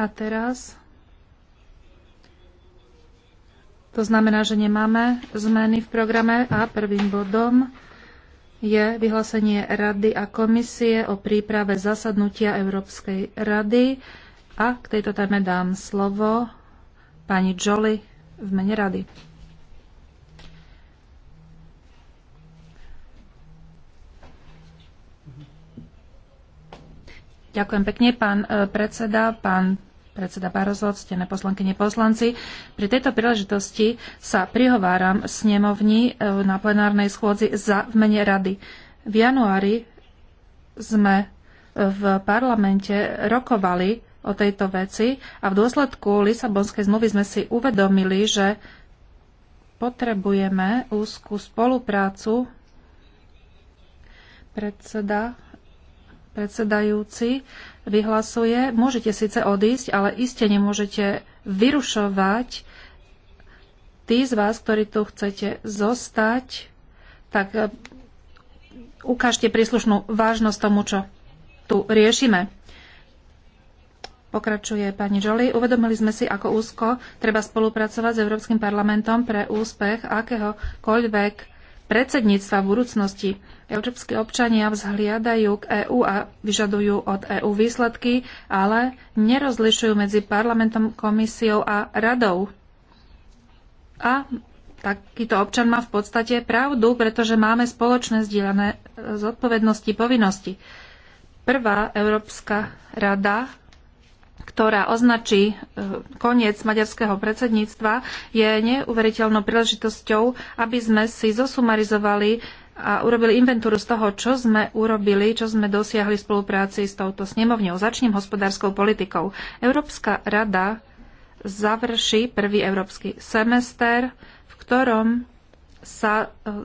A teraz to znamená, že nemáme zmeny v programe a prvým bodom je vyhlásenie Rady a komisie o príprave zasadnutia Európskej rady. A k tejto téme dám slovo pani Jolly v mene rady. Ďakujem pekne, pán eh, predseda, pán predseda Barozo, ctené poslankyne poslanci. Pri tejto príležitosti sa prihováram snemovni e, na plenárnej schôdzi za v mene rady. V januári sme e, v parlamente rokovali o tejto veci a v dôsledku Lisabonskej zmluvy sme si uvedomili, že potrebujeme úzkú spoluprácu predseda, predsedajúci vyhlasuje. Môžete síce odísť, ale iste nemôžete vyrušovať tí z vás, ktorí tu chcete zostať, tak e, ukážte príslušnú vážnosť tomu, čo tu riešime. Pokračuje pani Jolie. Uvedomili sme si, ako úzko treba spolupracovať s Európskym parlamentom pre úspech akéhokoľvek predsedníctva v budúcnosti. Európsky občania vzhliadajú k EÚ a vyžadujú od EÚ výsledky, ale nerozlišujú medzi parlamentom, komisiou a radou. A takýto občan má v podstate pravdu, pretože máme spoločné zdieľané eh, zodpovednosti, povinnosti. Prvá Európska rada ktorá označí e, koniec maďarského predsedníctva, je neuveriteľnou príležitosťou, aby sme si zosumarizovali a urobili inventúru z toho, čo sme urobili, čo sme dosiahli v spolupráci s touto snemovňou. Začnem hospodárskou politikou. Európska rada završí prvý európsky semester, v ktorom sa e,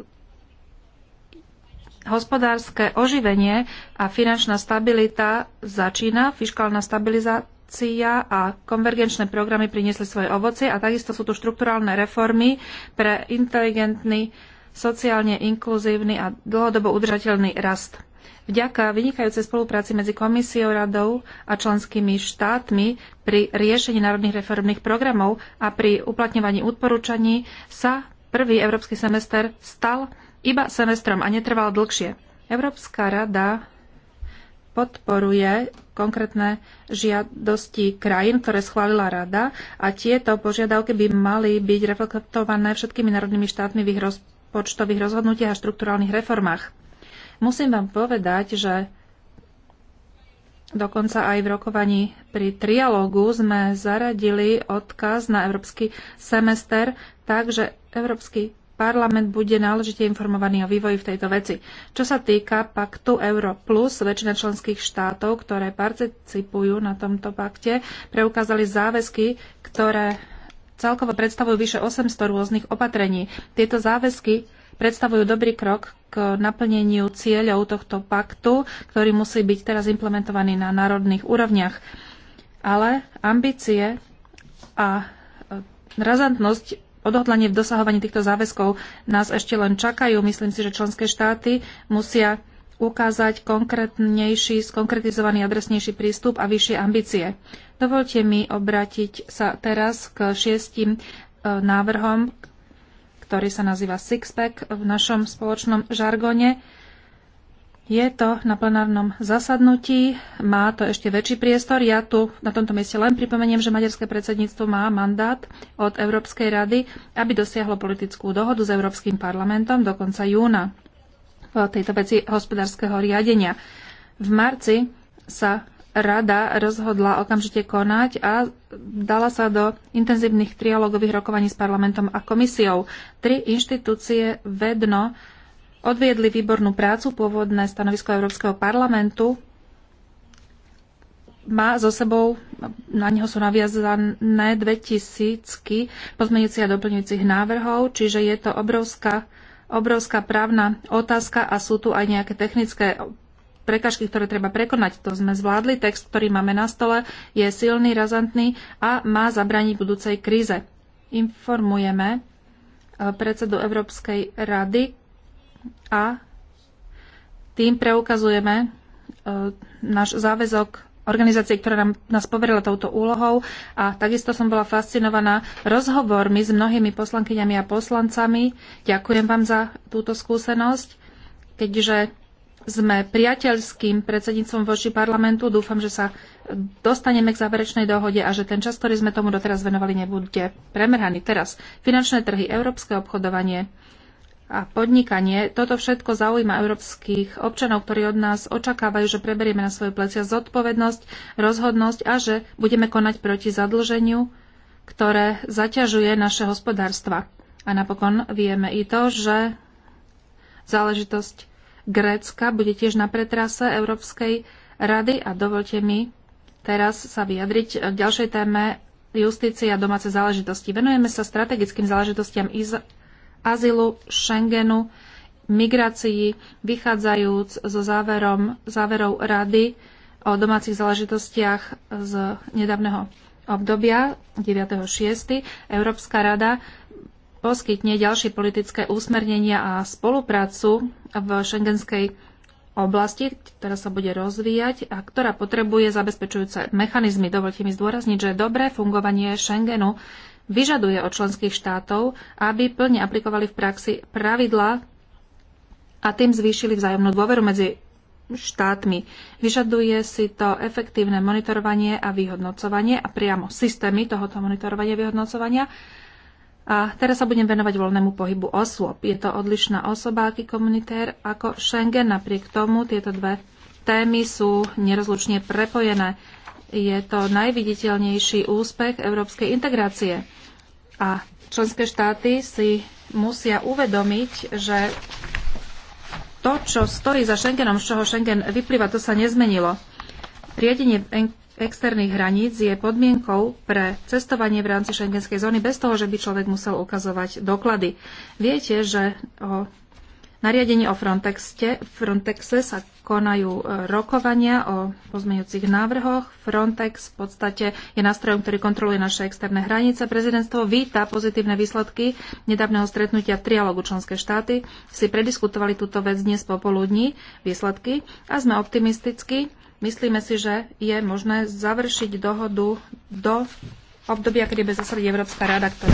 hospodárske oživenie a finančná stabilita začína, fiskálna stabilizácia Migrácia a konvergenčné programy priniesli svoje ovocie a takisto sú tu štrukturálne reformy pre inteligentný, sociálne inkluzívny a dlhodobo udržateľný rast. Vďaka vynikajúcej spolupráci medzi komisiou, radou a členskými štátmi pri riešení národných reformných programov a pri uplatňovaní odporúčaní sa prvý európsky semester stal iba semestrom a netrval dlhšie. Európska rada podporuje konkrétne žiadosti krajín, ktoré schválila Rada a tieto požiadavky by mali byť reflektované všetkými národnými štátmi v ich rozpočtových rozhodnutiach a štruktúrálnych reformách. Musím vám povedať, že Dokonca aj v rokovaní pri trialógu sme zaradili odkaz na európsky semester, takže Európsky parlament bude náležite informovaný o vývoji v tejto veci. Čo sa týka paktu Euro+, plus, väčšina členských štátov, ktoré participujú na tomto pakte, preukázali záväzky, ktoré celkovo predstavujú vyše 800 rôznych opatrení. Tieto záväzky predstavujú dobrý krok k naplneniu cieľov tohto paktu, ktorý musí byť teraz implementovaný na národných úrovniach. Ale ambície a razantnosť odhodlanie v dosahovaní týchto záväzkov nás ešte len čakajú. Myslím si, že členské štáty musia ukázať konkrétnejší, skonkretizovaný, adresnejší prístup a vyššie ambície. Dovolte mi obrátiť sa teraz k šiestim e, návrhom, ktorý sa nazýva Sixpack v našom spoločnom žargone. Je to na plenárnom zasadnutí, má to ešte väčší priestor. Ja tu na tomto mieste len pripomeniem, že maďarské predsedníctvo má mandát od Európskej rady, aby dosiahlo politickú dohodu s Európskym parlamentom do konca júna o tejto veci hospodárskeho riadenia. V marci sa rada rozhodla okamžite konať a dala sa do intenzívnych trialogových rokovaní s parlamentom a komisiou. Tri inštitúcie vedno odviedli výbornú prácu. Pôvodné stanovisko Európskeho parlamentu má zo sebou, na neho sú naviazané 2000 pozmeňujúcich a doplňujúcich návrhov, čiže je to obrovská, obrovská právna otázka a sú tu aj nejaké technické prekažky, ktoré treba prekonať. To sme zvládli, text, ktorý máme na stole, je silný, razantný a má zabraniť budúcej kríze. Informujeme eh, predsedu Európskej rady, a tým preukazujeme e, náš záväzok organizácie, ktorá nám, nás poverila touto úlohou a takisto som bola fascinovaná rozhovormi s mnohými poslankyňami a poslancami. Ďakujem vám za túto skúsenosť, keďže sme priateľským predsedníctvom voči parlamentu. Dúfam, že sa dostaneme k záverečnej dohode a že ten čas, ktorý sme tomu doteraz venovali, nebude premrhaný. Teraz finančné trhy, európske obchodovanie, a podnikanie. Toto všetko zaujíma európskych občanov, ktorí od nás očakávajú, že preberieme na svoje plecia zodpovednosť, rozhodnosť a že budeme konať proti zadlženiu, ktoré zaťažuje naše hospodárstva. A napokon vieme i to, že záležitosť Grécka bude tiež na pretrase Európskej rady a dovolte mi teraz sa vyjadriť k ďalšej téme justície a domáce záležitosti. Venujeme sa strategickým záležitostiam azylu, Schengenu, migrácii, vychádzajúc so záverom, záverov rady o domácich záležitostiach z nedávneho obdobia 9.6. Európska rada poskytne ďalšie politické úsmernenia a spoluprácu v šengenskej oblasti, ktorá sa bude rozvíjať a ktorá potrebuje zabezpečujúce mechanizmy. Dovolte mi zdôrazniť, že dobré fungovanie Schengenu vyžaduje od členských štátov, aby plne aplikovali v praxi pravidla a tým zvýšili vzájomnú dôveru medzi štátmi. Vyžaduje si to efektívne monitorovanie a vyhodnocovanie a priamo systémy tohoto monitorovania a vyhodnocovania. A teraz sa budem venovať voľnému pohybu osôb. Je to odlišná osoba, aký komunitér, ako Schengen. Napriek tomu tieto dve témy sú nerozlučne prepojené je to najviditeľnejší úspech európskej integrácie. A členské štáty si musia uvedomiť, že to, čo stojí za Schengenom, z čoho Schengen vyplýva, to sa nezmenilo. Riedenie externých hraníc je podmienkou pre cestovanie v rámci šengenskej zóny bez toho, že by človek musel ukazovať doklady. Viete, že o nariadení o Frontexte, Frontexe sa konajú e, rokovania o pozmeňujúcich návrhoch. Frontex v podstate je nástrojom, ktorý kontroluje naše externé hranice. Prezidentstvo víta pozitívne výsledky nedávneho stretnutia v trialogu členské štáty. Si prediskutovali túto vec dnes popoludní výsledky a sme optimisticky. Myslíme si, že je možné završiť dohodu do obdobia, kedy bude zasadať Európska rada, ktorá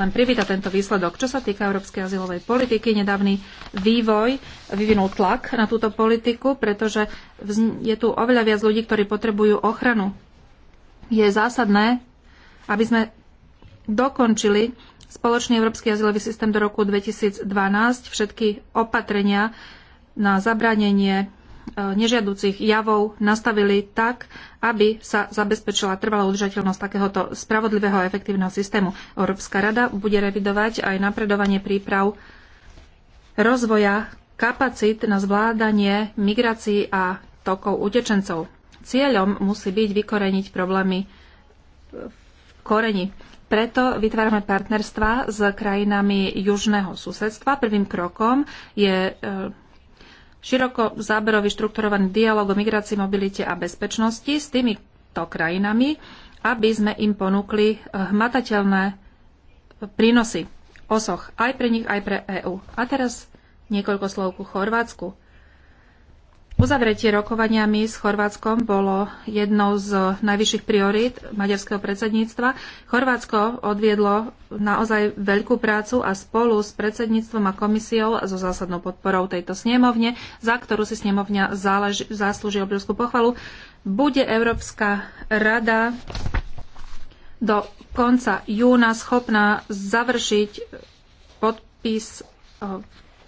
len privíta tento výsledok. Čo sa týka európskej azylovej politiky, nedávny vývoj vyvinul tlak na túto politiku, pretože je tu oveľa viac ľudí, ktorí potrebujú ochranu. Je zásadné, aby sme dokončili spoločný európsky azylový systém do roku 2012, všetky opatrenia na zabranenie E, nežiaducich javov nastavili tak, aby sa zabezpečila trvalá udržateľnosť takéhoto spravodlivého a efektívneho systému. Európska rada bude revidovať aj napredovanie príprav rozvoja kapacít na zvládanie migrácií a tokov utečencov. Cieľom musí byť vykoreniť problémy v koreni. Preto vytvárame partnerstva s krajinami južného susedstva. Prvým krokom je e, široko záberový štrukturovaný dialog o migrácii, mobilite a bezpečnosti s týmito krajinami, aby sme im ponúkli eh, hmatateľné prínosy osoch aj pre nich, aj pre EÚ. A teraz niekoľko slov ku Chorvátsku. Uzavretie rokovaniami s Chorvátskom bolo jednou z najvyšších priorít maďarského predsedníctva. Chorvátsko odviedlo naozaj veľkú prácu a spolu s predsedníctvom a komisiou a so zásadnou podporou tejto snemovne, za ktorú si snemovňa zaslúži obrovskú pochvalu, bude Európska rada do konca júna schopná završiť podpis eh,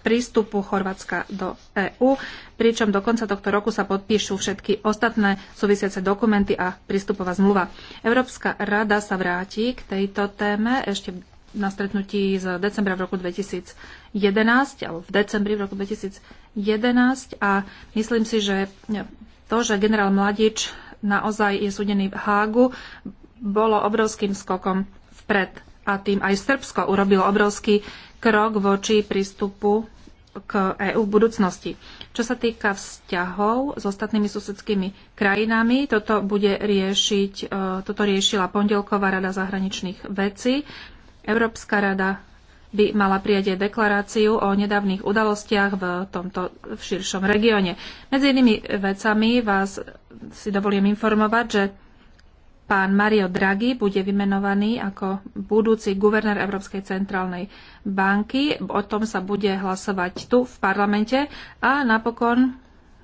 prístupu Chorvátska do EÚ, pričom do konca tohto roku sa podpíšu všetky ostatné súvisiace dokumenty a prístupová zmluva. Európska rada sa vráti k tejto téme ešte na stretnutí z decembra v roku 2011, alebo v decembri v roku 2011 a myslím si, že to, že generál Mladič naozaj je súdený v Hágu, bolo obrovským skokom vpred a tým aj Srbsko urobilo obrovský krok voči prístupu k EÚ v budúcnosti. Čo sa týka vzťahov s ostatnými susedskými krajinami, toto, bude riešiť, e, toto riešila pondelková rada zahraničných vecí. Európska rada by mala prijať aj deklaráciu o nedávnych udalostiach v tomto v širšom regióne. Medzi inými vecami vás si dovolím informovať, že Pán Mario Draghi bude vymenovaný ako budúci guvernér Európskej centrálnej banky. O tom sa bude hlasovať tu v parlamente. A napokon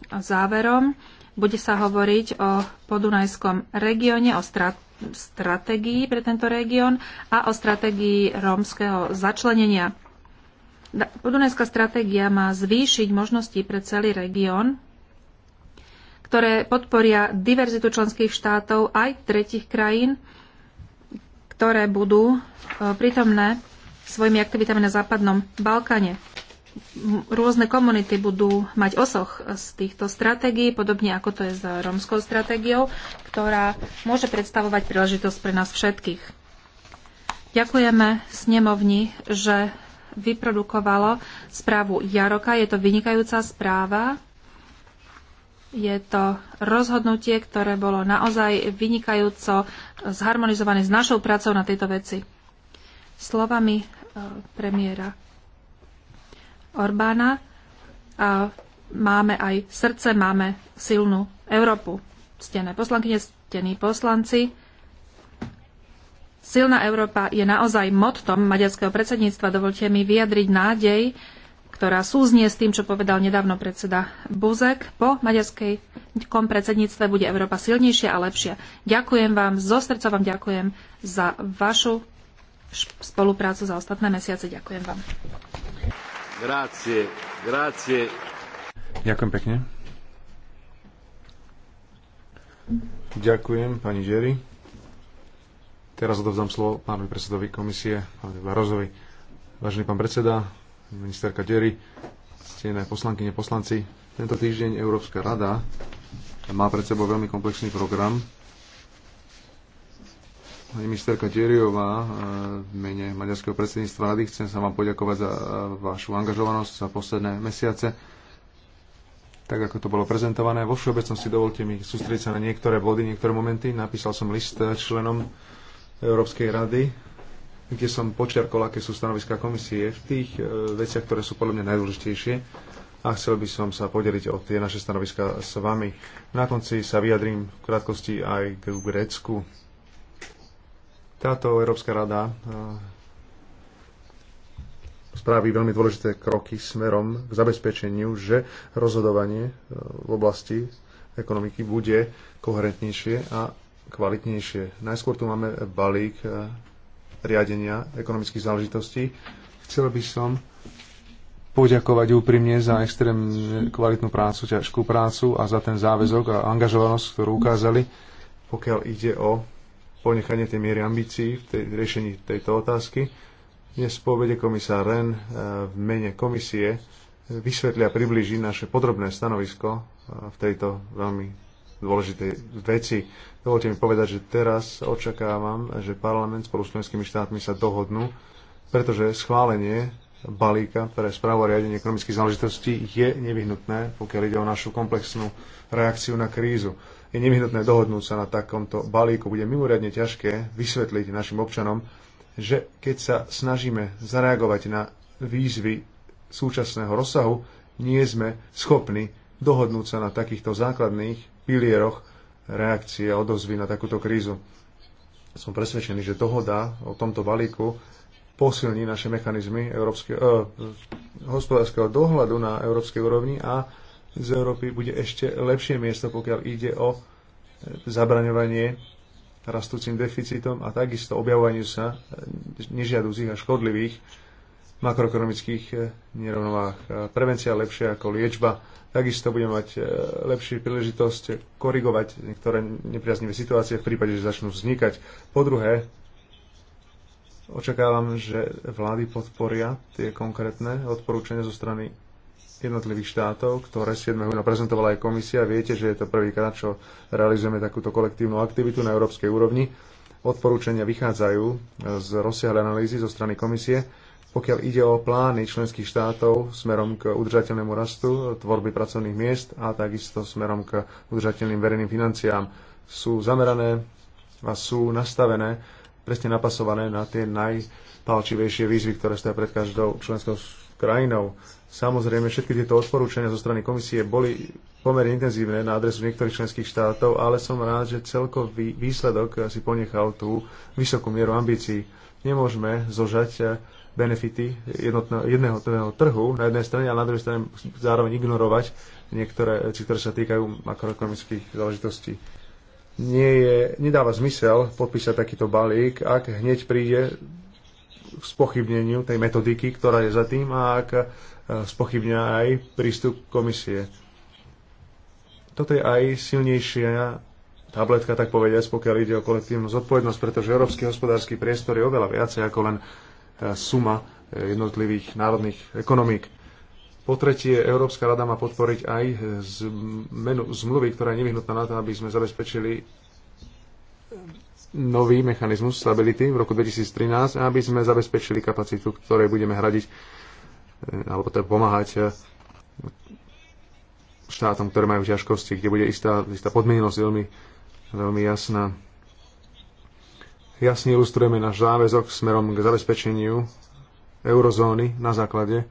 záverom bude sa hovoriť o podunajskom regióne, o strat- stratégii pre tento región a o stratégii rómskeho začlenenia. Podunajská stratégia má zvýšiť možnosti pre celý región ktoré podporia diverzitu členských štátov aj tretich krajín, ktoré budú e, prítomné svojimi aktivitami na západnom Balkáne. Rôzne komunity budú mať osoch z týchto stratégií, podobne ako to je s romskou stratégiou, ktorá môže predstavovať príležitosť pre nás všetkých. Ďakujeme snemovni, že vyprodukovalo správu Jaroka. Je to vynikajúca správa, je to rozhodnutie, ktoré bolo naozaj vynikajúco zharmonizované s našou prácou na tejto veci. Slovami e, premiéra Orbána a e, máme aj srdce, máme silnú Európu. Stené poslankyne, stení poslanci. Silná Európa je naozaj mottom maďarského predsedníctva. Dovolte mi vyjadriť nádej, ktorá súznie s tým, čo povedal nedávno predseda Buzek. Po maďarskej kom predsedníctve bude Európa silnejšia a lepšia. Ďakujem vám, zo srdca vám ďakujem za vašu spoluprácu za ostatné mesiace. Ďakujem vám. Grazie, grazie. Ďakujem pekne. Ďakujem, pani Žeri. Teraz odovzdám slovo pánovi predsedovi komisie, pánovi Barozovi. Vážený pán predseda, ministerka Jerry, stejné poslanky, poslanci. Tento týždeň Európska rada má pred sebou veľmi komplexný program. Pani ministerka Deriová, e, v mene maďarského predsedníctva rady, chcem sa vám poďakovať za e, vašu angažovanosť za posledné mesiace. Tak ako to bolo prezentované, vo všeobecnosti dovolte mi sústrediť sa na niektoré body, niektoré momenty. Napísal som list e, členom Európskej rady kde som počiarkol, aké sú stanoviská komisie v tých e, veciach, ktoré sú podľa mňa najdôležitejšie a chcel by som sa podeliť o tie naše stanoviská s vami. Na konci sa vyjadrím v krátkosti aj k Grécku. Táto Európska rada e, spraví veľmi dôležité kroky smerom k zabezpečeniu, že rozhodovanie e, v oblasti ekonomiky bude koherentnejšie a kvalitnejšie. Najskôr tu máme balík riadenia ekonomických záležitostí. Chcel by som poďakovať úprimne za extrémne kvalitnú prácu, ťažkú prácu a za ten záväzok a angažovanosť, ktorú ukázali, pokiaľ ide o ponechanie tej miery ambícií v tej, riešení tejto otázky. Dnes povede komisár Ren eh, v mene komisie vysvetlia a približí naše podrobné stanovisko eh, v tejto veľmi dôležité veci. Dovolte mi povedať, že teraz očakávam, že parlament spolu s členskými štátmi sa dohodnú, pretože schválenie balíka pre správu a riadenie ekonomických záležitostí je nevyhnutné, pokiaľ ide o našu komplexnú reakciu na krízu. Je nevyhnutné dohodnúť sa na takomto balíku. Bude mimoriadne ťažké vysvetliť našim občanom, že keď sa snažíme zareagovať na výzvy súčasného rozsahu, nie sme schopní dohodnúť sa na takýchto základných pilieroch reakcie a odozvy na takúto krízu. Som presvedčený, že dohoda o tomto balíku posilní naše mechanizmy európske, eh, hospodárskeho dohľadu na európskej úrovni a z Európy bude ešte lepšie miesto, pokiaľ ide o zabraňovanie rastúcim deficitom a takisto objavovaniu sa nežiaducich a škodlivých makroekonomických eh, nerovnovách. Prevencia lepšia ako liečba. Takisto bude mať eh, lepšiu príležitosť korigovať niektoré nepriaznivé situácie v prípade, že začnú vznikať. Po druhé, očakávam, že vlády podporia tie konkrétne odporúčania zo strany jednotlivých štátov, ktoré 7. júna prezentovala aj komisia. Viete, že je to prvýkrát, čo realizujeme takúto kolektívnu aktivitu na európskej úrovni. Odporúčania vychádzajú eh, z rozsiahlej analýzy zo strany komisie pokiaľ ide o plány členských štátov smerom k udržateľnému rastu, tvorby pracovných miest a takisto smerom k udržateľným verejným financiám, sú zamerané a sú nastavené, presne napasované na tie najpalčivejšie výzvy, ktoré stojí pred každou členskou krajinou. Samozrejme, všetky tieto odporúčania zo strany komisie boli pomerne intenzívne na adresu niektorých členských štátov, ale som rád, že celkový výsledok si ponechal tú vysokú mieru ambícií. Nemôžeme zožať benefity jedného jednotného trhu na jednej strane a na druhej strane zároveň ignorovať niektoré veci, ktoré sa týkajú makroekonomických záležitostí. Nie je, nedáva zmysel podpísať takýto balík, ak hneď príde k spochybneniu tej metodiky, ktorá je za tým a ak e, spochybňa aj prístup komisie. Toto je aj silnejšia tabletka, tak povediať, pokiaľ ide o kolektívnu zodpovednosť, pretože európsky hospodársky priestor je oveľa viacej ako len suma e, jednotlivých národných ekonomík. Po tretie, Európska rada má podporiť aj zmenu zmluvy, ktorá je nevyhnutná na to, aby sme zabezpečili nový mechanizmus stability v roku 2013 a aby sme zabezpečili kapacitu, ktorej budeme hradiť e, alebo teda pomáhať e, štátom, ktoré majú ťažkosti, kde bude istá, istá podmienenosť veľmi, veľmi jasná jasne ilustrujeme náš záväzok smerom k zabezpečeniu eurozóny na základe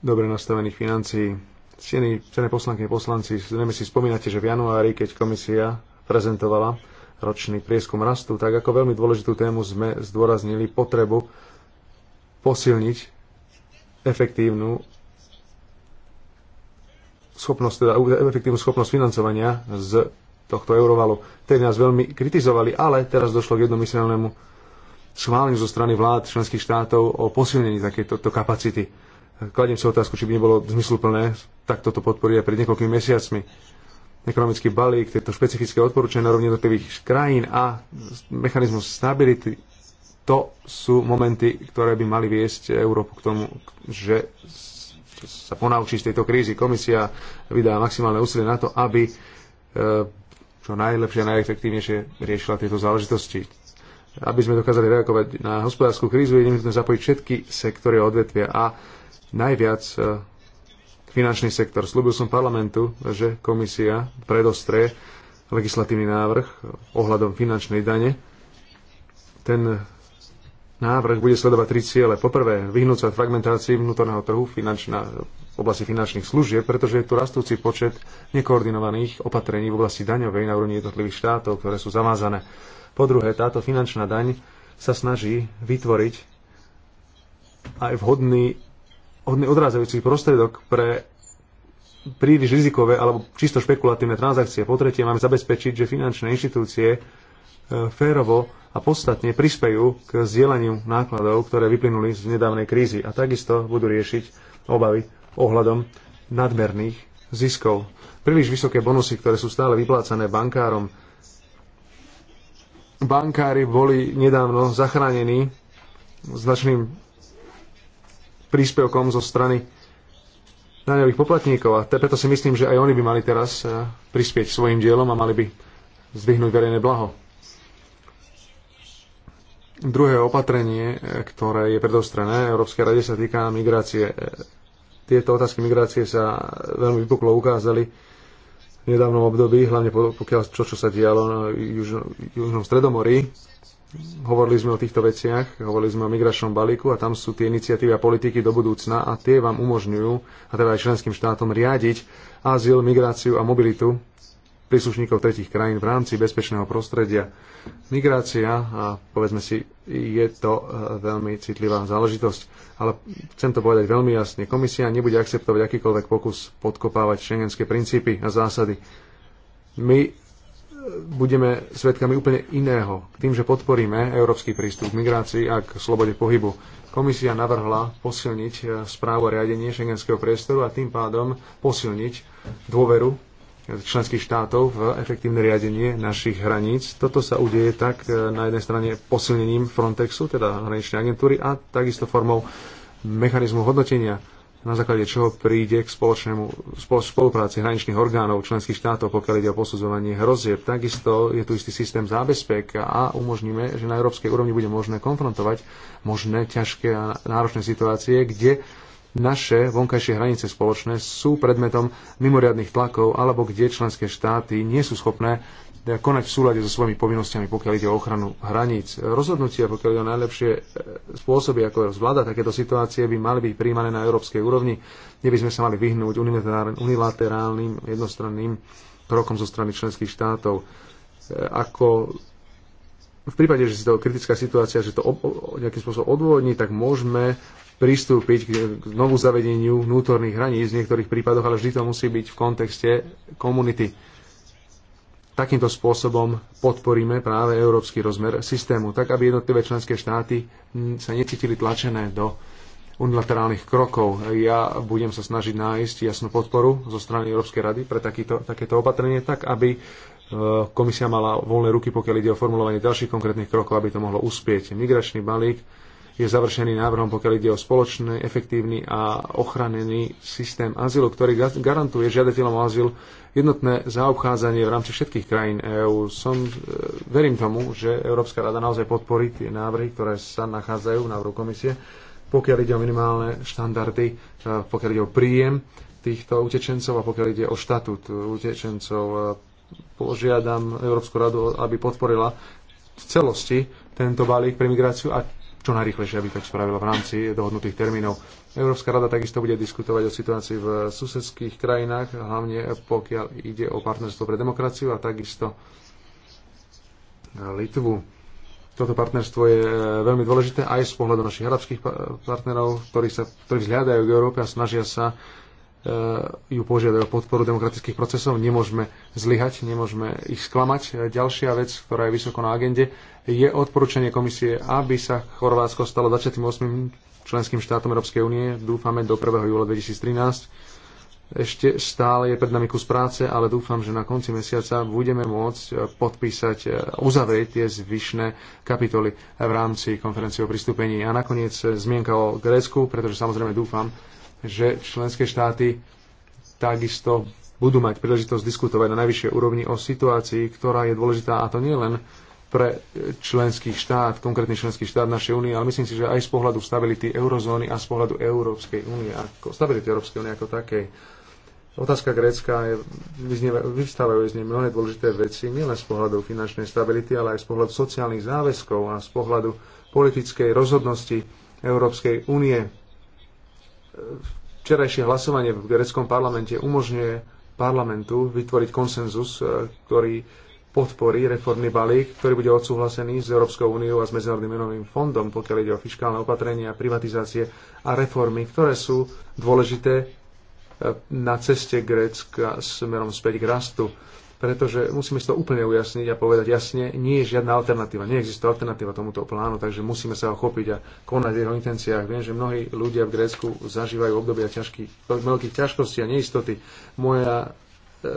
dobre nastavených financií. Ctení, cené poslanky a poslanci, zrejme si spomínate, že v januári, keď komisia prezentovala ročný prieskum rastu, tak ako veľmi dôležitú tému sme zdôraznili potrebu posilniť efektívnu schopnosť, teda efektívnu schopnosť financovania z tohto eurovalu. Tedy nás veľmi kritizovali, ale teraz došlo k jednomyselnému schváleniu zo strany vlád členských štátov o posilnení takéto kapacity. Kladím si otázku, či by nebolo zmysluplné takto to podporiť aj pred niekoľkými mesiacmi ekonomický balík, tieto špecifické odporúčania na rovne jednotlivých krajín a mechanizmus stability, to sú momenty, ktoré by mali viesť Európu k tomu, že sa ponaučí z tejto krízy. Komisia vydá maximálne úsilie na to, aby eh, čo najlepšie a najefektívnejšie riešila tieto záležitosti. Aby sme dokázali reagovať na hospodárskú krízu, je nutné zapojiť všetky sektory a odvetvia a najviac e, finančný sektor. Slúbil som parlamentu, že komisia predostrie legislatívny návrh ohľadom finančnej dane. Ten Návrh bude sledovať tri ciele. Poprvé, vyhnúť sa fragmentácii vnútorného trhu finančná, v oblasti finančných služieb, pretože je tu rastúci počet nekoordinovaných opatrení v oblasti daňovej na úrovni jednotlivých štátov, ktoré sú zamázané. Po druhé, táto finančná daň sa snaží vytvoriť aj vhodný, vhodný odrázajúci prostredok pre príliš rizikové alebo čisto špekulatívne transakcie. Po tretie, máme zabezpečiť, že finančné inštitúcie E, férovo a podstatne prispejú k zdieľaniu nákladov, ktoré vyplynuli z nedávnej krízy a takisto budú riešiť obavy ohľadom nadmerných ziskov. Príliš vysoké bonusy, ktoré sú stále vyplácané bankárom. Bankári boli nedávno zachránení značným príspevkom zo strany daňových poplatníkov a preto si myslím, že aj oni by mali teraz e, prispieť svojim dielom a mali by zdvihnúť verejné blaho. Druhé opatrenie, e, ktoré je predostrené Európskej rade, sa týka migrácie. E, Tieto otázky migrácie sa veľmi vypuklo ukázali v nedávnom období, hlavne pokiaľ čo, čo sa dialo na južno, južnom stredomorí. Hovorili sme o týchto veciach, hovorili sme o migračnom balíku a tam sú tie iniciatívy a politiky do budúcna a tie vám umožňujú, a teda aj členským štátom, riadiť azyl, migráciu a mobilitu príslušníkov tretich krajín v rámci bezpečného prostredia. Migrácia, a povedzme si, je to e, veľmi citlivá záležitosť, ale chcem to povedať veľmi jasne. Komisia nebude akceptovať akýkoľvek pokus podkopávať šengenské princípy a zásady. My e, budeme svetkami úplne iného. Tým, že podporíme európsky prístup k migrácii a k slobode pohybu, komisia navrhla posilniť e, správu a riadenie šengenského priestoru a tým pádom posilniť dôveru členských štátov v efektívne riadenie našich hraníc. Toto sa udeje tak e, na jednej strane posilnením Frontexu, teda hraničnej agentúry, a takisto formou mechanizmu hodnotenia, na základe čoho príde k spoločnému spolupráci hraničných orgánov členských štátov, pokiaľ ide o posudzovanie hrozieb. Takisto je tu istý systém zábezpek a umožníme, že na európskej úrovni bude možné konfrontovať možné ťažké a náročné situácie, kde naše vonkajšie hranice spoločné sú predmetom mimoriadných tlakov alebo kde členské štáty nie sú schopné eh, konať v súlade so svojimi povinnosťami, pokiaľ ide o ochranu hraníc. Rozhodnutia, pokiaľ ide o najlepšie eh, spôsoby, ako zvláda, takéto situácie, by mali byť príjmané na európskej úrovni, kde by sme sa mali vyhnúť unilaterálnym, jednostranným krokom zo strany členských štátov. Eh, ako v prípade, že si to kritická situácia, že to nejakým spôsobom odvodní, tak môžeme pristúpiť k znovu zavedeniu vnútorných hraníc v niektorých prípadoch, ale vždy to musí byť v kontexte komunity. Takýmto spôsobom podporíme práve európsky rozmer systému, tak aby jednotlivé členské štáty sa necítili tlačené do unilaterálnych krokov. Ja budem sa snažiť nájsť jasnú podporu zo strany Európskej rady pre takýto, takéto opatrenie, tak aby e, komisia mala voľné ruky, pokiaľ ide o formulovanie ďalších konkrétnych krokov, aby to mohlo uspieť. Migračný balík je završený návrhom, pokiaľ ide o spoločný, efektívny a ochranený systém azylu, ktorý garantuje žiadateľom o azyl jednotné zaobchádzanie v rámci všetkých krajín EÚ. Som, e, verím tomu, že Európska rada naozaj podporí tie návrhy, ktoré sa nachádzajú v návrhu komisie, pokiaľ ide o minimálne štandardy, e, pokiaľ ide o príjem týchto utečencov a pokiaľ ide o štatút utečencov. E, požiadam Európsku radu, aby podporila v celosti tento balík pre migráciu a čo najrychlejšie, aby to spravila v rámci dohodnutých termínov. Európska rada takisto bude diskutovať o situácii v susedských krajinách, hlavne pokiaľ ide o partnerstvo pre demokraciu a takisto Litvu. Toto partnerstvo je e, veľmi dôležité aj z pohľadu našich arabských partnerov, ktorí, sa, ktorí vzhľadajú k Európe a snažia sa ju požiadajú o podporu demokratických procesov. Nemôžeme zlyhať, nemôžeme ich sklamať. Ďalšia vec, ktorá je vysoko na agende, je odporúčanie komisie, aby sa Chorvátsko stalo 28. členským štátom Európskej únie. Dúfame do 1. júla 2013. Ešte stále je pred nami kus práce, ale dúfam, že na konci mesiaca budeme môcť podpísať, uzavrieť tie zvyšné kapitoly v rámci konferencie o pristúpení. A nakoniec zmienka o Grécku, pretože samozrejme dúfam, že členské štáty takisto budú mať príležitosť diskutovať na najvyššej úrovni o situácii, ktorá je dôležitá a to nie len pre členský štát, konkrétny členský štát našej únie, ale myslím si, že aj z pohľadu stability eurozóny a z pohľadu Európskej únie, ako, stability Európskej únie ako takej. Otázka Grécka je, vyvstávajú z nej mnohé dôležité veci, nielen z pohľadu finančnej stability, ale aj z pohľadu sociálnych záväzkov a z pohľadu politickej rozhodnosti Európskej únie včerajšie hlasovanie v greckom parlamente umožňuje parlamentu vytvoriť konsenzus, e, ktorý podporí reformný balík, ktorý bude odsúhlasený s Európskou úniou a s Medzinárodným menovým fondom, pokiaľ ide o fiskálne opatrenia, privatizácie a reformy, ktoré sú dôležité e, na ceste Grécka smerom späť k rastu pretože musíme si to úplne ujasniť a povedať jasne, nie je žiadna alternatíva, neexistuje alternatíva tomuto plánu, takže musíme sa ho chopiť a konať v jeho intenciách. Viem, že mnohí ľudia v Grécku zažívajú obdobia ťažkých, veľkých ťažkostí a neistoty. Moja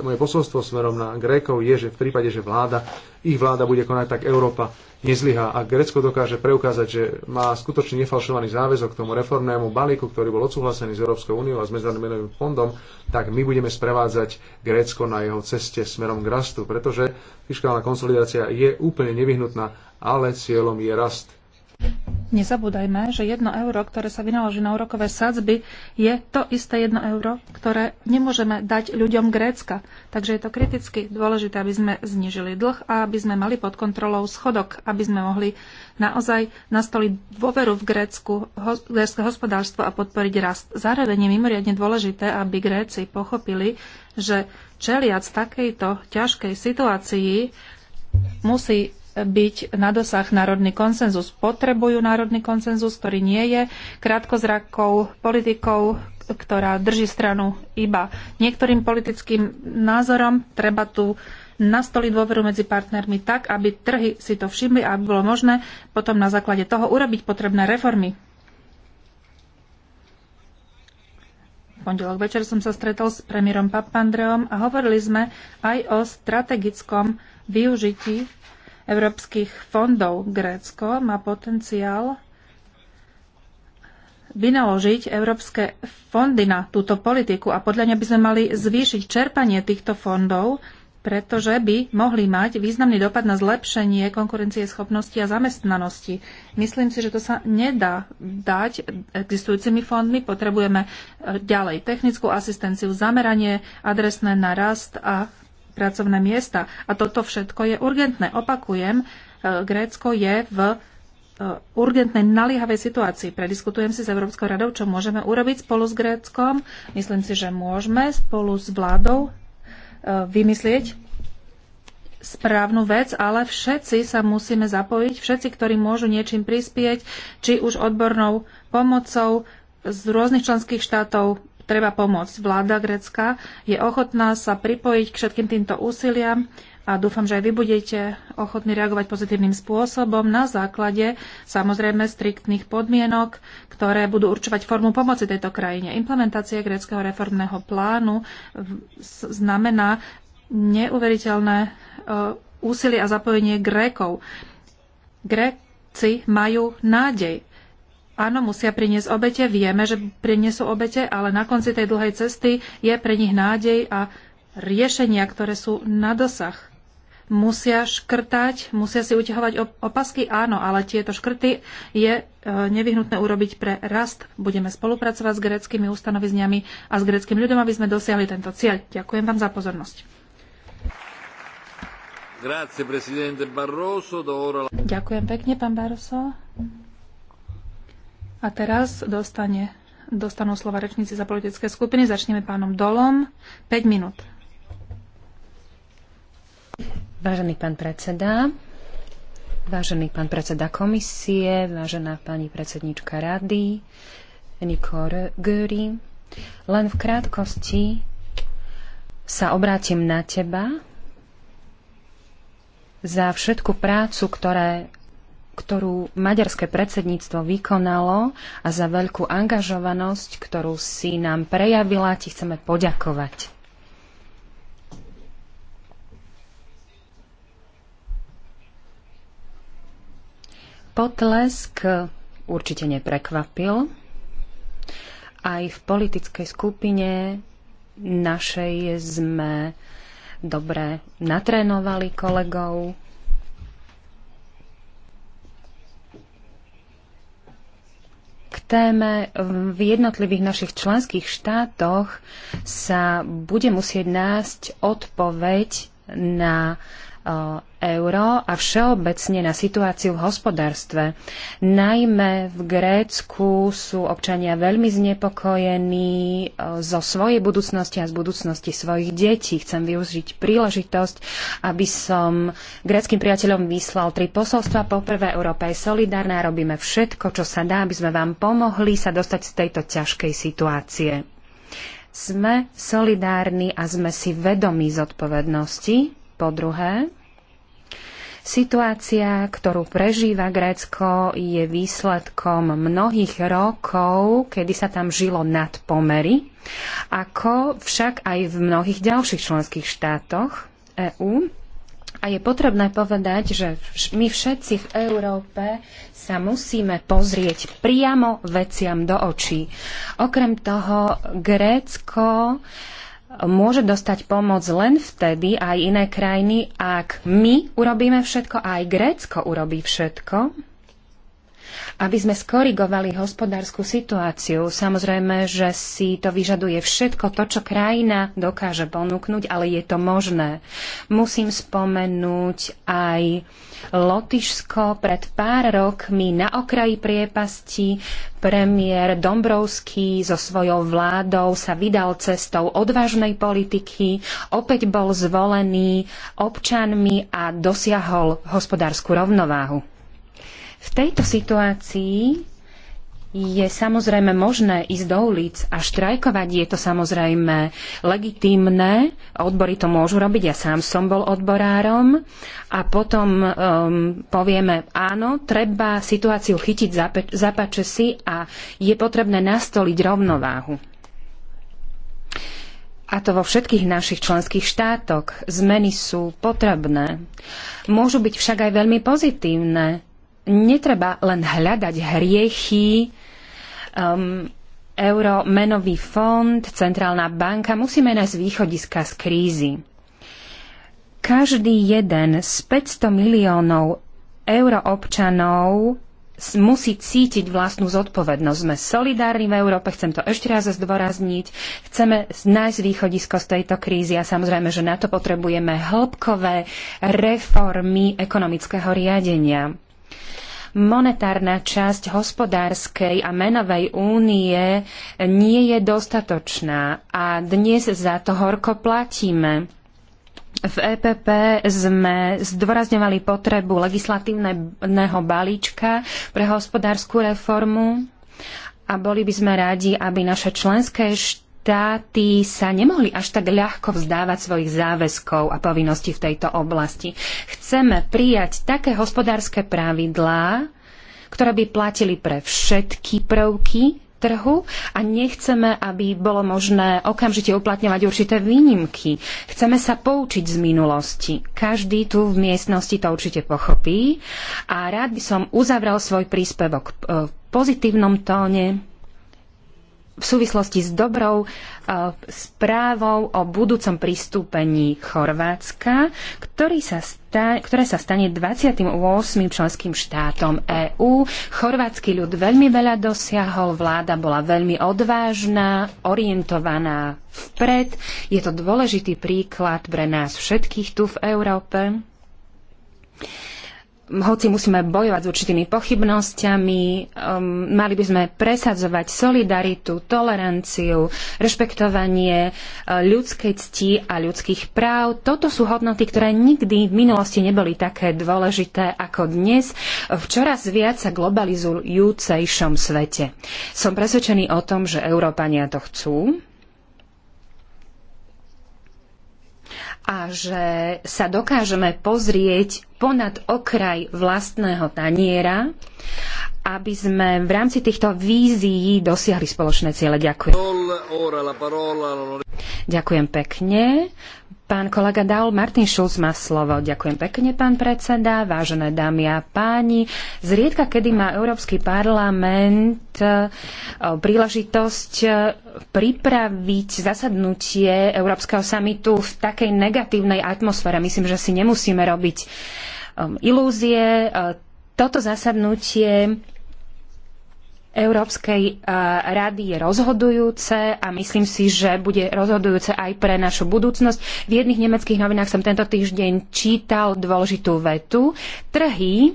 moje posolstvo smerom na Grékov je, že v prípade, že vláda, ich vláda bude konať, tak Európa nezlyhá. A Grécko dokáže preukázať, že má skutočne nefalšovaný záväzok k tomu reformnému balíku, ktorý bol odsúhlasený z Európskou úniou a s Medzinárodným menovým fondom, tak my budeme sprevádzať Grécko na jeho ceste smerom k rastu, pretože fiskálna konsolidácia je úplne nevyhnutná, ale cieľom je rast Nezabúdajme, že jedno euro, ktoré sa vynaloží na úrokové sadzby, je to isté jedno euro, ktoré nemôžeme dať ľuďom Grécka. Takže je to kriticky dôležité, aby sme znížili dlh a aby sme mali pod kontrolou schodok, aby sme mohli naozaj nastoliť dôveru v Grécku, grécké hospodárstvo a podporiť rast. Zároveň je mimoriadne dôležité, aby Gréci pochopili, že čeliac takejto ťažkej situácii musí byť na dosah národný konsenzus. Potrebujú národný konsenzus, ktorý nie je krátkozrakou politikou, ktorá drží stranu iba niektorým politickým názorom. Treba tu nastoliť dôveru medzi partnermi tak, aby trhy si to všimli a aby bolo možné potom na základe toho urobiť potrebné reformy. pondelok večer som sa stretol s premiérom Papandreom a hovorili sme aj o strategickom využití európskych fondov. Grécko má potenciál vynaložiť európske fondy na túto politiku a podľa mňa by sme mali zvýšiť čerpanie týchto fondov, pretože by mohli mať významný dopad na zlepšenie konkurencie schopnosti a zamestnanosti. Myslím si, že to sa nedá dať existujúcimi fondmi. Potrebujeme ďalej technickú asistenciu, zameranie adresné na rast a pracovné miesta. A toto všetko je urgentné. Opakujem, e, Grécko je v e, urgentnej naliehavej situácii. Prediskutujem si s Európskou radou, čo môžeme urobiť spolu s Gréckom. Myslím si, že môžeme spolu s vládou e, vymyslieť správnu vec, ale všetci sa musíme zapojiť, všetci, ktorí môžu niečím prispieť, či už odbornou pomocou z rôznych členských štátov, treba pomôcť. Vláda Grécka je ochotná sa pripojiť k všetkým týmto úsiliam a dúfam, že aj vy budete ochotní reagovať pozitívnym spôsobom na základe samozrejme striktných podmienok, ktoré budú určovať formu pomoci tejto krajine. Implementácia gréckého reformného plánu znamená neuveriteľné e, úsilie a zapojenie Grékov. Gréci majú nádej Áno, musia priniesť obete, vieme, že priniesú obete, ale na konci tej dlhej cesty je pre nich nádej a riešenia, ktoré sú na dosah. Musia škrtať, musia si utiahovať opasky, áno, ale tieto škrty je e, nevyhnutné urobiť pre rast. Budeme spolupracovať s greckými ustanovizňami a s greckým ľuďom, aby sme dosiahli tento cieľ. Ďakujem vám za pozornosť. Grazie, Ďakujem pekne, pán Barroso. A teraz dostane, dostanú slova rečníci za politické skupiny. Začneme pánom Dolom. 5 minút. Vážený pán predseda, vážený pán predseda komisie, vážená pani predsednička rady, Nikor Göri, len v krátkosti sa obrátim na teba za všetku prácu, ktoré, ktorú maďarské predsedníctvo vykonalo a za veľkú angažovanosť, ktorú si nám prejavila, ti chceme poďakovať. Potlesk určite neprekvapil. Aj v politickej skupine našej sme dobre natrénovali kolegov, téme v jednotlivých našich členských štátoch sa bude musieť nájsť odpoveď na E, euro a všeobecne na situáciu v hospodárstve. Najmä v Grécku sú občania veľmi znepokojení e, zo svojej budúcnosti a z budúcnosti svojich detí. Chcem využiť príležitosť, aby som gréckým priateľom vyslal tri posolstva. Poprvé, Európa je solidárna, robíme všetko, čo sa dá, aby sme vám pomohli sa dostať z tejto ťažkej situácie sme solidárni a sme si vedomí zodpovednosti. Po druhé, Situácia, ktorú prežíva Grécko, je výsledkom mnohých rokov, kedy sa tam žilo nad pomery, ako však aj v mnohých ďalších členských štátoch EÚ. A je potrebné povedať, že my všetci v Európe sa musíme pozrieť priamo veciam do očí. Okrem toho, Grécko uh, môže dostať pomoc len vtedy aj iné krajiny, ak my urobíme všetko, aj Grécko urobí všetko, aby sme skorigovali hospodárskú situáciu. Samozrejme, že si to vyžaduje všetko to, čo krajina dokáže ponúknuť, ale je to možné. Musím spomenúť aj Lotyšsko pred pár rokmi na okraji priepasti premiér Dombrovský so svojou vládou sa vydal cestou odvážnej politiky, opäť bol zvolený občanmi a dosiahol hospodárskú rovnováhu. V tejto situácii je samozrejme možné ísť do ulic a štrajkovať, je to samozrejme legitímne, odbory to môžu robiť, ja sám som bol odborárom a potom um, povieme, áno, treba situáciu chytiť za pače si a je potrebné nastoliť rovnováhu. A to vo všetkých našich členských štátoch. Zmeny sú potrebné. Môžu byť však aj veľmi pozitívne netreba len hľadať hriechy, um, euro, menový fond, centrálna banka, musíme nájsť východiska z krízy. Každý jeden z 500 miliónov euroobčanov musí cítiť vlastnú zodpovednosť. Sme solidárni v Európe, chcem to ešte raz zdôrazniť. Chceme nájsť východisko z tejto krízy a samozrejme, že na to potrebujeme hĺbkové reformy ekonomického riadenia monetárna časť hospodárskej a menovej únie nie je dostatočná a dnes za to horko platíme. V EPP sme zdôrazňovali potrebu legislatívneho balíčka pre hospodárskú reformu a boli by sme radi, aby naše členské štáty štáty sa nemohli až tak ľahko vzdávať svojich záväzkov a povinností v tejto oblasti. Chceme prijať také hospodárske pravidlá, ktoré by platili pre všetky prvky trhu a nechceme, aby bolo možné okamžite uplatňovať určité výnimky. Chceme sa poučiť z minulosti. Každý tu v miestnosti to určite pochopí a rád by som uzavral svoj príspevok eh, v pozitívnom tóne v súvislosti s dobrou e, správou o budúcom pristúpení Chorvátska, ktorý sa sta- ktoré sa stane 28. členským štátom EÚ. Chorvátsky ľud veľmi veľa dosiahol, vláda bola veľmi odvážna, orientovaná vpred. Je to dôležitý príklad pre nás všetkých tu v Európe hoci musíme bojovať s určitými pochybnosťami, um, mali by sme presadzovať solidaritu, toleranciu, rešpektovanie uh, ľudskej cti a ľudských práv. Toto sú hodnoty, ktoré nikdy v minulosti neboli také dôležité ako dnes v čoraz viac sa globalizujúcejšom svete. Som presvedčený o tom, že Európania to chcú, a že sa dokážeme pozrieť ponad okraj vlastného taniera aby sme v rámci týchto vízií dosiahli spoločné ciele. Ďakujem. Ďakujem pekne. Pán kolega Dal, Martin Šulc má slovo. Ďakujem pekne, pán predseda, vážené dámy a páni. Zriedka, kedy má Európsky parlament e, príležitosť e, pripraviť zasadnutie Európskeho samitu v takej negatívnej atmosfére. Myslím, že si nemusíme robiť e, ilúzie. Toto zasadnutie Európskej e, rady je rozhodujúce a myslím si, že bude rozhodujúce aj pre našu budúcnosť. V jedných nemeckých novinách som tento týždeň čítal dôležitú vetu. Trhy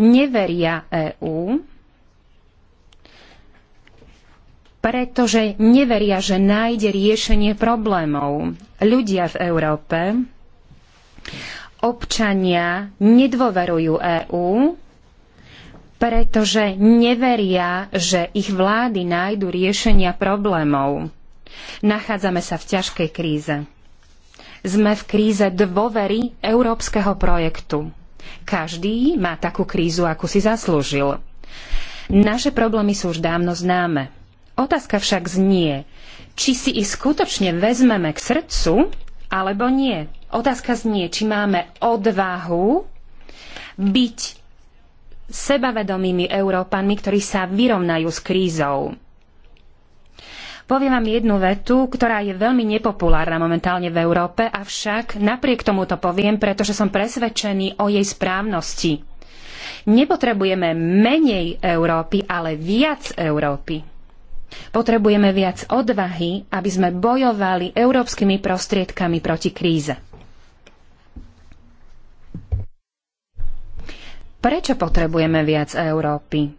neveria EÚ, pretože neveria, že nájde riešenie problémov. Ľudia v Európe, občania nedôverujú EÚ, pretože neveria, že ich vlády nájdu riešenia problémov. Nachádzame sa v ťažkej kríze. Sme v kríze dôvery európskeho projektu. Každý má takú krízu, akú si zaslúžil. Naše problémy sú už dávno známe. Otázka však znie, či si ich skutočne vezmeme k srdcu, alebo nie. Otázka znie, či máme odvahu byť sebavedomými Európanmi, ktorí sa vyrovnajú s krízou. Poviem vám jednu vetu, ktorá je veľmi nepopulárna momentálne v Európe, avšak napriek tomu to poviem, pretože som presvedčený o jej správnosti. Nepotrebujeme menej Európy, ale viac Európy. Potrebujeme viac odvahy, aby sme bojovali európskymi prostriedkami proti kríze. Prečo potrebujeme viac Európy?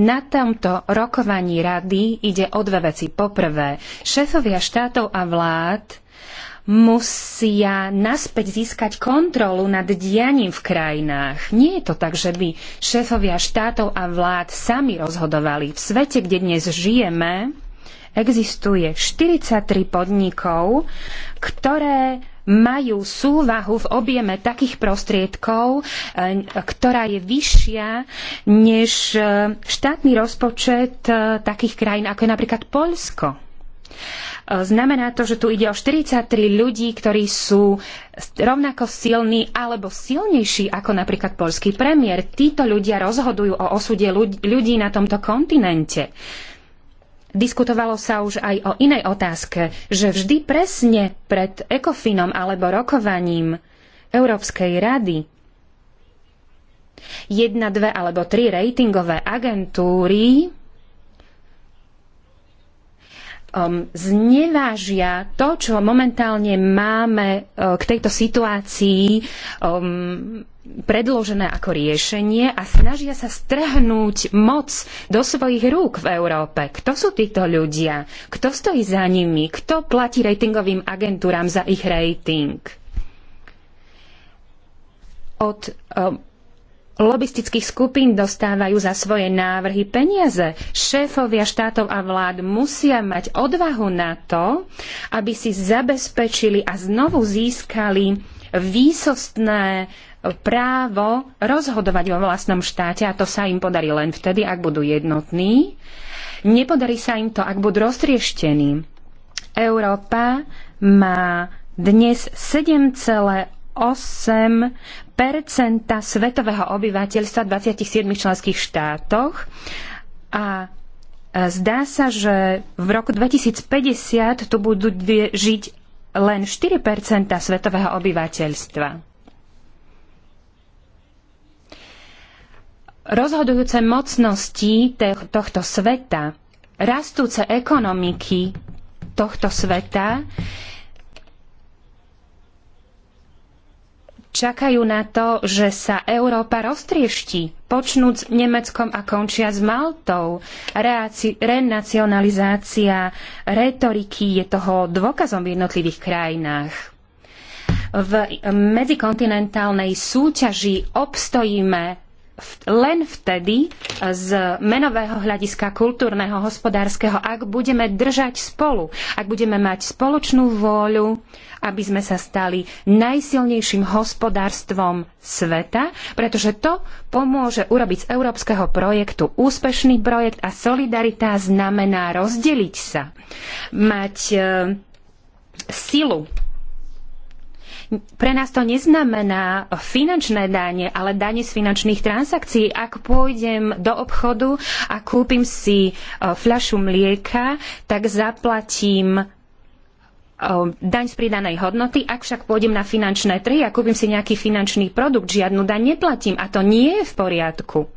Na tomto rokovaní rady ide o dve veci. Poprvé, šéfovia štátov a vlád musia naspäť získať kontrolu nad dianím v krajinách. Nie je to tak, že by šéfovia štátov a vlád sami rozhodovali. V svete, kde dnes žijeme, existuje 43 podnikov, ktoré majú súvahu v objeme takých prostriedkov, e, ktorá je vyššia než e, štátny rozpočet e, takých krajín, ako je napríklad Poľsko. Znamená to, že tu ide o 43 ľudí, ktorí sú rovnako silní alebo silnejší ako napríklad polský premiér. Títo ľudia rozhodujú o osude ľudí na tomto kontinente. Diskutovalo sa už aj o inej otázke, že vždy presne pred ekofinom alebo rokovaním Európskej rady jedna, dve alebo tri ratingové agentúry um, znevážia to, čo momentálne máme uh, k tejto situácii um, predložené ako riešenie a snažia sa strhnúť moc do svojich rúk v Európe. Kto sú títo ľudia? Kto stojí za nimi? Kto platí ratingovým agentúram za ich rating? Od um, lobistických skupín dostávajú za svoje návrhy peniaze. Šéfovia štátov a vlád musia mať odvahu na to, aby si zabezpečili a znovu získali výsostné právo rozhodovať vo vlastnom štáte a to sa im podarí len vtedy, ak budú jednotní. Nepodarí sa im to, ak budú roztrieštení. Európa má dnes 7,8 svetového obyvateľstva v 27 členských štátoch a zdá sa, že v roku 2050 tu budú žiť len 4 svetového obyvateľstva. rozhodujúce mocnosti tohto sveta, rastúce ekonomiky tohto sveta, čakajú na to, že sa Európa roztriešti, počnúc s Nemeckom a končia s Maltou. Reaci- renacionalizácia retoriky je toho dôkazom v jednotlivých krajinách. V medzikontinentálnej súťaži obstojíme len vtedy z menového hľadiska kultúrneho, hospodárskeho, ak budeme držať spolu, ak budeme mať spoločnú vôľu, aby sme sa stali najsilnejším hospodárstvom sveta, pretože to pomôže urobiť z európskeho projektu úspešný projekt a solidarita znamená rozdeliť sa, mať e, silu pre nás to neznamená finančné dane, ale dane z finančných transakcií. Ak pôjdem do obchodu a kúpim si e, fľašu mlieka, tak zaplatím e, daň z pridanej hodnoty, ak však pôjdem na finančné trhy a kúpim si nejaký finančný produkt, žiadnu daň neplatím a to nie je v poriadku.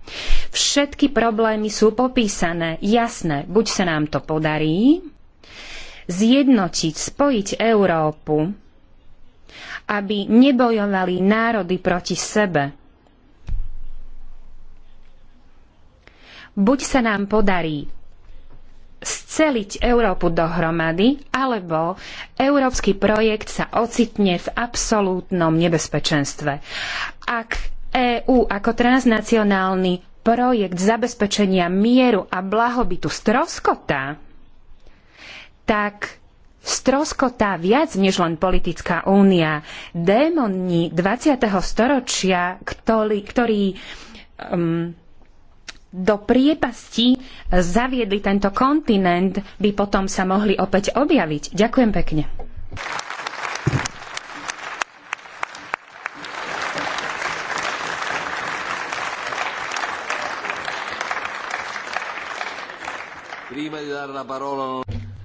Všetky problémy sú popísané. Jasné, buď sa nám to podarí, zjednotiť, spojiť Európu aby nebojovali národy proti sebe. Buď sa nám podarí sceliť Európu dohromady, alebo európsky projekt sa ocitne v absolútnom nebezpečenstve. Ak EÚ ako transnacionálny projekt zabezpečenia mieru a blahobytu stroskotá, tak stroskotá viac než len politická únia. Démoni 20. storočia, ktorí um, do priepasti zaviedli tento kontinent, by potom sa mohli opäť objaviť. Ďakujem pekne. Prima di dare la parola